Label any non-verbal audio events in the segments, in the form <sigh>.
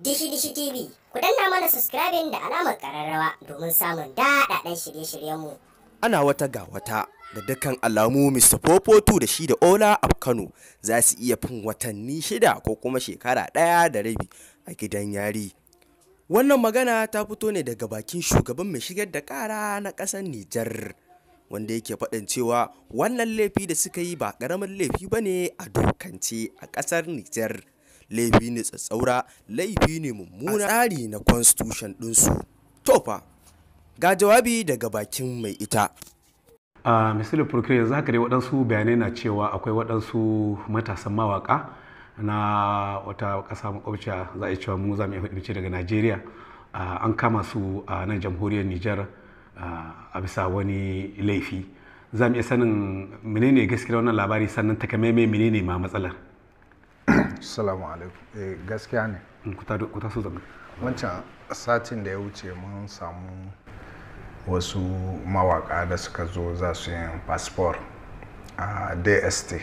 Dishi Dishi TV. Ku danna mana subscribe da alamar kararrawa domin samun daɗaɗɗen shirye-shiryenmu. Ana wata ga wata da dukkan alamu Mr. Popotu da shi da Ola of Kano za su iya fin watanni shida ko kuma shekara ɗaya da rabi a gidan yari. Wannan magana ta fito ne daga bakin shugaban mai shigar da ƙara na ƙasar Nijar. wanda yake faɗin cewa wannan laifi da suka yi ba ƙaramin laifi ba ne a dokance a ƙasar Nijar. laifi ne tsatsaura laifi ne mummuna tsari na constitution ɗinsu to fa ga jawabi daga bakin mai ita a misali procure za haka dai waɗansu bayanai na cewa akwai waɗansu matasan mawaka na wata ƙasa makwabciya za a yi cewa mu za mu iya daga najeriya an kama su a nan jamhuriyar nijar a bisa wani laifi za mu iya sanin menene gaskiya wannan labari sannan takamaimai menene ma matsalar Assalamu alaikum. Eh, gaskiya ne. Ku ta so zanga. Wancan satin da ya wuce mun samu wasu mawaka da suka zo za su yi passport a DST. Eh,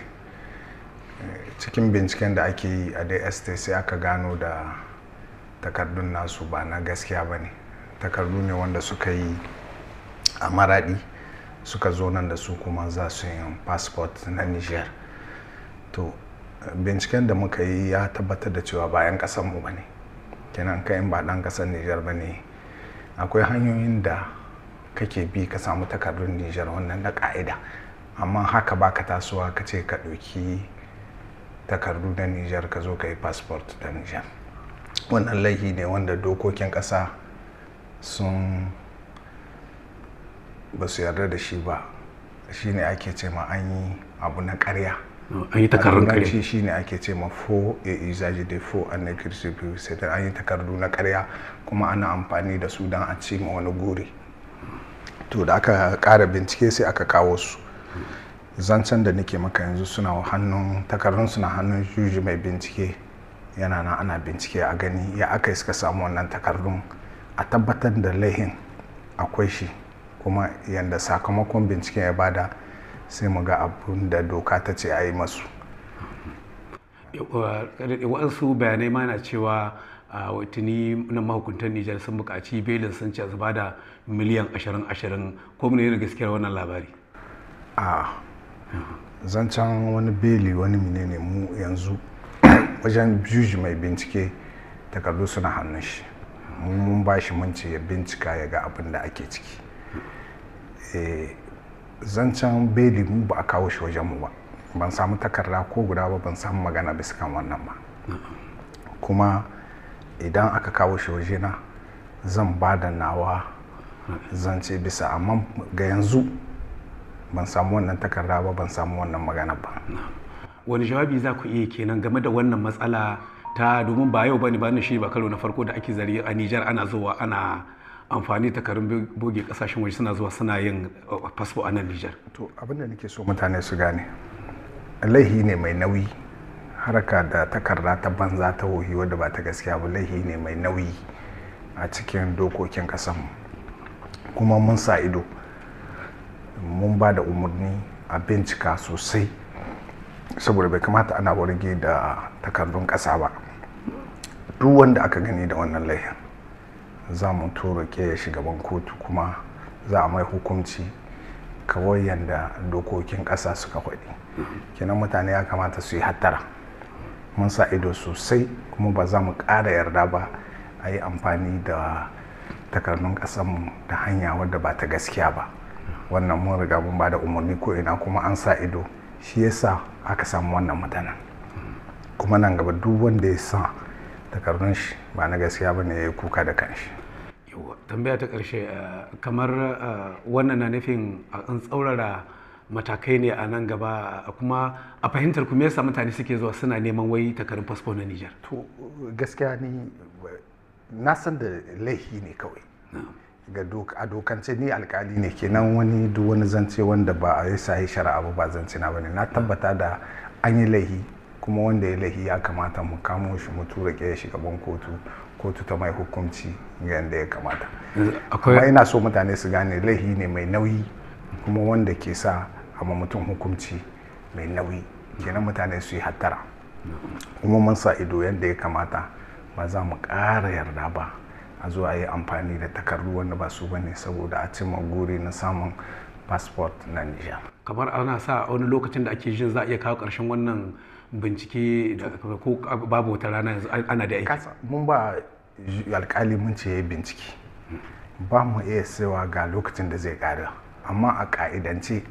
cikin binciken da ake yi a DST sai aka gano da takardun nasu ba na gaskiya ba ne. Takardu ne wanda suka yi a maradi suka zo nan da su kuma za su yin fasfot na Nijar. To binciken da muka yi ya tabbatar da cewa bayan kasanmu ba ne kenan kayan ba ɗan ƙasar nijar ba ne akwai hanyoyin da kake bi ka samu takardun nijar wannan na ƙa'ida amma haka ba ka tasowa ka ce ka ɗauki takardu da nijar ka zo ka yi fasfort da nijar wannan laihi ne wanda dokokin ƙasa sun ba su yarda da shi ba shi ne ake ce ma an yi abu na ƙarya an yi takardun ƙarya shi ne ake ce ma fo e usage de fo an sai an yi takardu na karya kuma ana amfani da su don a ci ma wani guri to da aka kara bincike sai aka kawo su zancen da nake maka yanzu suna hannun takardun suna hannun juji mai bincike yana na ana bincike a gani ya aka suka samu wannan takardun a tabbatar da laihin akwai shi kuma yanda sakamakon binciken ya bada sai mu ga abin da doka ta ce a yi masu wasu bayanai mana cewa a watani na mahukuntan nijar sun buƙaci belin sun ce zuba da miliyan ashirin ashirin ko mu ne gaskiyar wannan labari a zancen wani beli wani menene mu yanzu <coughs> wajen juji mai bincike takardu suna hannun shi mun ba shi mun ce ya bincika ya ga abin da ake ciki eh, zancen beli mu ba a kawo shi wajen mu ba ban samu takarda ko guda ba ban samu magana bisa kan wannan ba kuma idan aka kawo shi wajena zan ba da nawa zance bisa amma ga yanzu ban samu wannan takarda ba ban samu wannan magana ba wani jawabi za ku iya kenan game da wannan matsala ta domin ba yau ba bane ba shi ba karo na farko da ake zari a Nijar ana zuwa ana amfani da karin boge kasashen waje suna zuwa suna yin uh, fasfo a nan Nijar. To abin nake so mutane su gane. Laihi ne mai nauyi haraka da takarda ta banza ta wohi wadda ba ta gaskiya ba laihi ne mai nauyi a cikin dokokin kasanmu. Kuma mun sa ido mun ba da umarni a bincika sosai saboda bai kamata ana warge da takardun ƙasa ba. Duk wanda aka gani da wannan laihin za mu tura ke shugaban kotu kuma za a mai hukunci kawai yadda dokokin ƙasa suka kwaɗi. kenan mutane ya kamata su yi hattara mun sa ido sosai kuma ba za mu ƙara yarda ba a yi amfani da takardun ƙasanmu da hanya wadda ba ta gaskiya ba wannan mun riga mun ba da umarni ko ina kuma an sa ido shi yasa aka samu wannan mutanen kuma nan gaba duk wanda ya sa takardun shi ba na gaskiya ba ne ya kuka da kanshi tambaya ta ƙarshe eh, kamar eh, wannan na nufin an tsaurara matakai ne a nan gaba kuma a fahimtar ku me yasa mutane suke zuwa suna neman wai takarun fasfo na Nijar to gaskiya ni na san da laifi ne kawai ga a dokance ni alkali ne kenan wani duk wani zance wanda ba a yi sahi shari'a ba zance na bane na tabbata da an yi laifi kuma wanda ya lahi ya kamata mu kamo shi mu tura ke shi gaban kotu kotu ta mai hukunci yadda ya kamata amma ina so mutane su gane lahi ne mai nauyi kuma wanda ke sa amma mutum hukunci mai nauyi kenan mutane su yi hattara kuma mun sa ido yadda ya kamata ba za mu ƙara yarda ba a zo a yi amfani da takardu wanda ba su bane saboda a cimma guri na samun passport na Nijar. kamar ana sa wani lokacin da ake jin za a iya kawo ƙarshen wannan bincike ko babu wata rana yanzu ana da aiki mun ba alkali mun ce ya bincike ba mu iya sewa ga lokacin da zai ƙara amma a ƙa'idance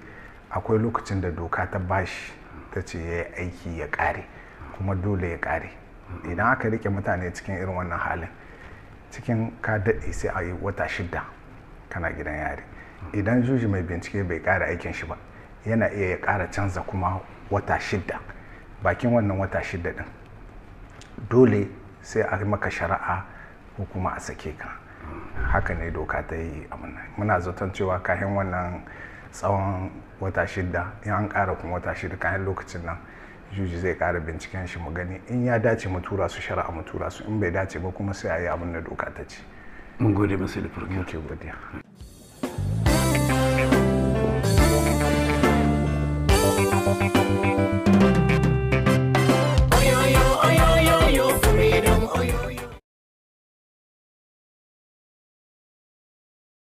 akwai lokacin da doka ta bashi ta ce ya aiki ya ƙare kuma dole ya ƙare idan aka rike mutane cikin irin wannan halin cikin ka daɗe sai a yi wata shida kana gidan yari idan juji mai bincike bai ƙara aikin shi ba yana iya ya ƙara canza kuma wata shidda bakin wannan wata shidda din dole sai a maka shari'a ko kuma a sake ka haka ne doka ta yi abin muna zaton cewa kayan wannan tsawon wata shidda in an ƙara kuma wata shidda kayan lokacin nan juji zai ƙara binciken shi mu gani in ya dace mu tura su shari'a mu tura su in bai dace ba kuma sai a yi abin da doka ta ce mun gode masu da godiya